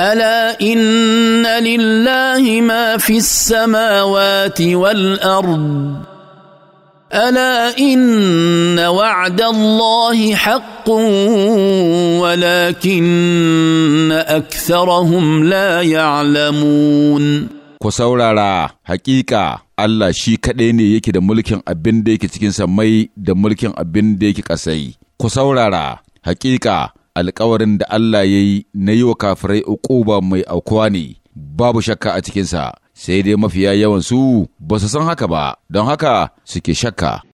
الا ان لله ما في السماوات والارض الا ان وعد الله حق ولكن اكثرهم لا يعلمون ku saurara hakika Allah shi kaɗai ne yake da mulkin abin da yake cikin samai da mulkin abin da yake ƙasai ku saurara hakika Alƙawarin da Allah ya yi na yi wa kafirai uquba mai aukuwa ne, babu shakka a cikinsa, sai dai mafiya yawan su ba su san haka ba, don haka suke shakka.